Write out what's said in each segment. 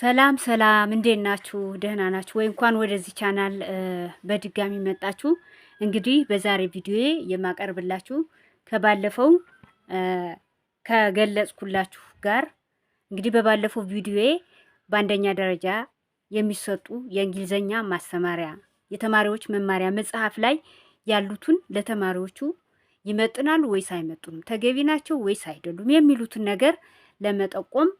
ሰላም ሰላም፣ እንዴት ናችሁ? ደህና ናችሁ ወይ? እንኳን ወደዚህ ቻናል በድጋሚ መጣችሁ። እንግዲህ በዛሬ ቪዲዮ የማቀርብላችሁ ከባለፈው ከገለጽኩላችሁ ጋር እንግዲህ በባለፈው ቪዲዮ በአንደኛ ደረጃ የሚሰጡ የእንግሊዘኛ ማስተማሪያ የተማሪዎች መማሪያ መጽሐፍ ላይ ያሉትን ለተማሪዎቹ ይመጥናሉ ወይስ አይመጡንም፣ ተገቢ ናቸው ወይስ አይደሉም የሚሉትን ነገር ለመጠቆም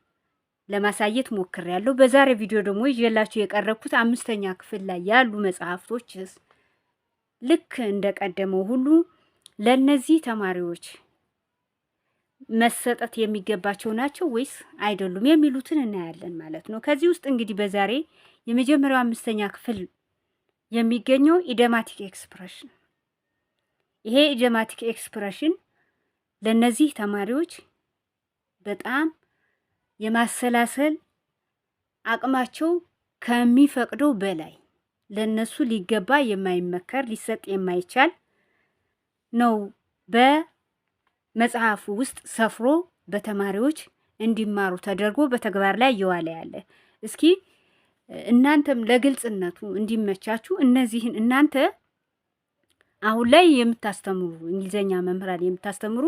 ለማሳየት ሞክር ያለው በዛሬ ቪዲዮ ደግሞ ይዤላችሁ የቀረብኩት አምስተኛ ክፍል ላይ ያሉ መጽሐፍቶችስ ልክ እንደቀደመው ሁሉ ለእነዚህ ተማሪዎች መሰጠት የሚገባቸው ናቸው ወይስ አይደሉም የሚሉትን እናያለን ማለት ነው። ከዚህ ውስጥ እንግዲህ በዛሬ የመጀመሪያው አምስተኛ ክፍል የሚገኘው ኢደማቲክ ኤክስፕሬሽን። ይሄ ኢደማቲክ ኤክስፕሬሽን ለእነዚህ ተማሪዎች በጣም የማሰላሰል አቅማቸው ከሚፈቅደው በላይ ለነሱ ሊገባ የማይመከር ሊሰጥ የማይቻል ነው። በመጽሐፉ ውስጥ ሰፍሮ በተማሪዎች እንዲማሩ ተደርጎ በተግባር ላይ እየዋለ ያለ። እስኪ እናንተም ለግልጽነቱ እንዲመቻችሁ እነዚህን እናንተ አሁን ላይ የምታስተምሩ እንግሊዘኛ መምህራን የምታስተምሩ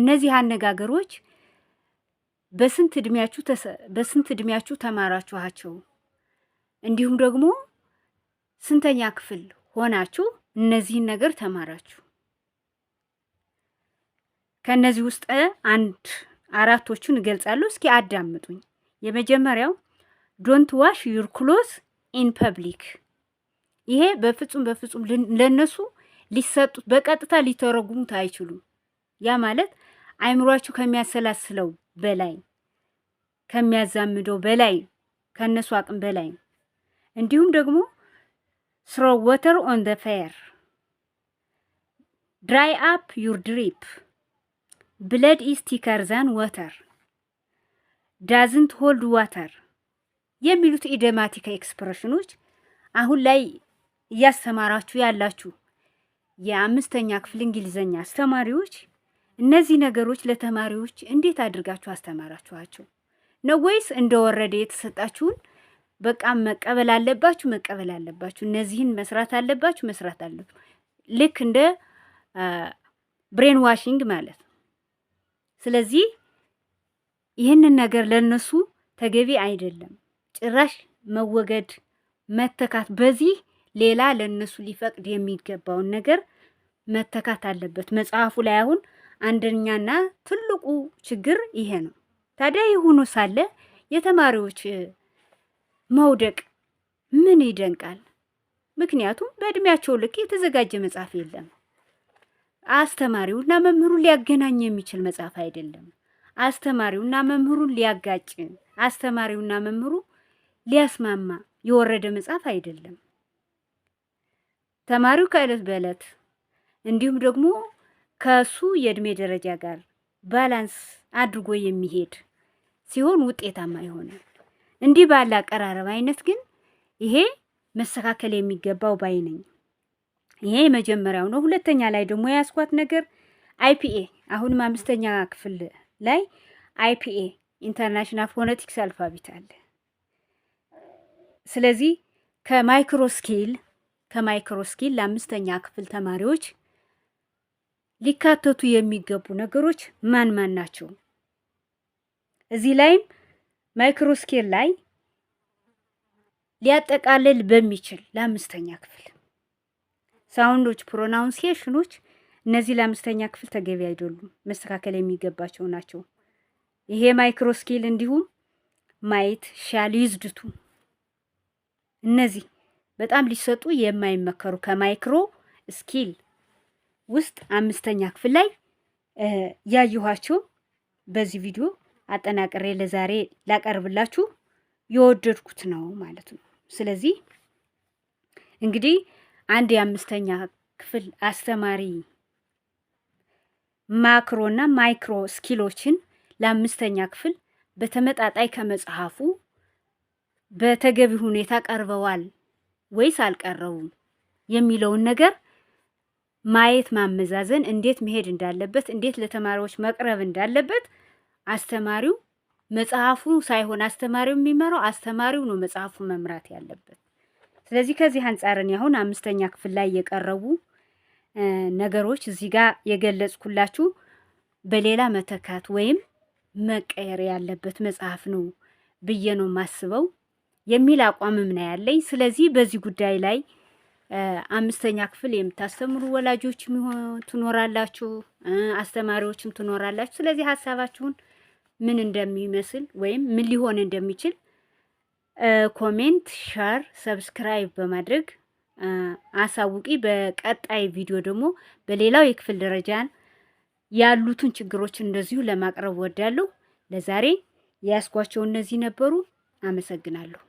እነዚህ አነጋገሮች በስንት እድሜያችሁ ተማራችኋቸው? እንዲሁም ደግሞ ስንተኛ ክፍል ሆናችሁ እነዚህን ነገር ተማራችሁ? ከእነዚህ ውስጥ አንድ አራቶቹን እገልጻለሁ። እስኪ አዳምጡኝ። የመጀመሪያው ዶንት ዋሽ ዩር ክሎዝ ኢን ፐብሊክ። ይሄ በፍጹም በፍጹም ለነሱ ሊሰጡት በቀጥታ ሊተረጉሙት አይችሉም። ያ ማለት አይምሯችሁ ከሚያሰላስለው በላይ ከሚያዛምደው በላይ ከእነሱ አቅም በላይ እንዲሁም ደግሞ ስሮ ወተር ኦን ዘ ፋየር ድራይ አፕ ዩር ድሪፕ ብለድ ኢስ ቲከር ዛን ወተር ዳዝንት ሆልድ ዋተር የሚሉት ኢደማቲክ ኤክስፕሬሽኖች አሁን ላይ እያስተማራችሁ ያላችሁ የአምስተኛ ክፍል እንግሊዘኛ አስተማሪዎች እነዚህ ነገሮች ለተማሪዎች እንዴት አድርጋችሁ አስተማራችኋቸው ነው ወይስ እንደወረደ የተሰጣችሁን በቃ መቀበል አለባችሁ መቀበል አለባችሁ እነዚህን መስራት አለባችሁ መስራት አለባችሁ ልክ እንደ ብሬን ዋሽንግ ማለት ነው ስለዚህ ይህንን ነገር ለነሱ ተገቢ አይደለም ጭራሽ መወገድ መተካት በዚህ ሌላ ለነሱ ሊፈቅድ የሚገባውን ነገር መተካት አለበት መጽሐፉ ላይ አሁን አንደኛና ትልቁ ችግር ይሄ ነው። ታዲያ የሆኖ ሳለ የተማሪዎች መውደቅ ምን ይደንቃል? ምክንያቱም በእድሜያቸው ልክ የተዘጋጀ መጽሐፍ የለም። አስተማሪውና መምህሩን ሊያገናኝ የሚችል መጽሐፍ አይደለም። አስተማሪውና መምህሩን ሊያጋጭ፣ አስተማሪውና መምህሩ ሊያስማማ የወረደ መጽሐፍ አይደለም። ተማሪው ከእለት በዕለት እንዲሁም ደግሞ ከሱ የእድሜ ደረጃ ጋር ባላንስ አድርጎ የሚሄድ ሲሆን ውጤታማ ይሆናል። እንዲህ ባለ አቀራረብ አይነት ግን ይሄ መስተካከል የሚገባው ባይ ነኝ። ይሄ የመጀመሪያው ነው። ሁለተኛ ላይ ደግሞ የያዝኳት ነገር አይፒኤ አሁንም አምስተኛ ክፍል ላይ አይፒኤ ኢንተርናሽናል ፎነቲክስ አልፋቢት አለ። ስለዚህ ከማይክሮስኪል ከማይክሮስኪል ለአምስተኛ ክፍል ተማሪዎች ሊካተቱ የሚገቡ ነገሮች ማን ማን ናቸው? እዚህ ላይም ማይክሮስኬል ላይ ሊያጠቃልል በሚችል ለአምስተኛ ክፍል ሳውንዶች፣ ፕሮናውንሴሽኖች እነዚህ ለአምስተኛ ክፍል ተገቢ አይደሉም፣ መስተካከል የሚገባቸው ናቸው። ይሄ ማይክሮስኬል እንዲሁም ማየት ሻል ይዝድቱ እነዚህ በጣም ሊሰጡ የማይመከሩ ከማይክሮ ስኪል ውስጥ አምስተኛ ክፍል ላይ ያየኋቸው በዚህ ቪዲዮ አጠናቅሬ ለዛሬ ላቀርብላችሁ የወደድኩት ነው ማለት ነው። ስለዚህ እንግዲህ አንድ የአምስተኛ ክፍል አስተማሪ ማክሮ እና ማይክሮ ስኪሎችን ለአምስተኛ ክፍል በተመጣጣይ ከመጽሐፉ በተገቢ ሁኔታ ቀርበዋል ወይስ አልቀረቡም የሚለውን ነገር ማየት ማመዛዘን፣ እንዴት መሄድ እንዳለበት፣ እንዴት ለተማሪዎች መቅረብ እንዳለበት አስተማሪው መጽሐፉ ሳይሆን አስተማሪው የሚመራው አስተማሪው ነው መጽሐፉ መምራት ያለበት። ስለዚህ ከዚህ አንጻርን ያሁን አምስተኛ ክፍል ላይ የቀረቡ ነገሮች እዚህ ጋር የገለጽኩላችሁ በሌላ መተካት ወይም መቀየር ያለበት መጽሐፍ ነው ብዬ ነው የማስበው የሚል አቋምም ነው ያለኝ። ስለዚህ በዚህ ጉዳይ ላይ አምስተኛ ክፍል የምታስተምሩ ወላጆች ትኖራላችሁ፣ አስተማሪዎችም ትኖራላችሁ። ስለዚህ ሀሳባችሁን ምን እንደሚመስል ወይም ምን ሊሆን እንደሚችል ኮሜንት፣ ሻር፣ ሰብስክራይብ በማድረግ አሳውቂ። በቀጣይ ቪዲዮ ደግሞ በሌላው የክፍል ደረጃ ያሉትን ችግሮች እንደዚሁ ለማቅረብ ወዳለሁ። ለዛሬ ያስኳቸው እነዚህ ነበሩ። አመሰግናለሁ።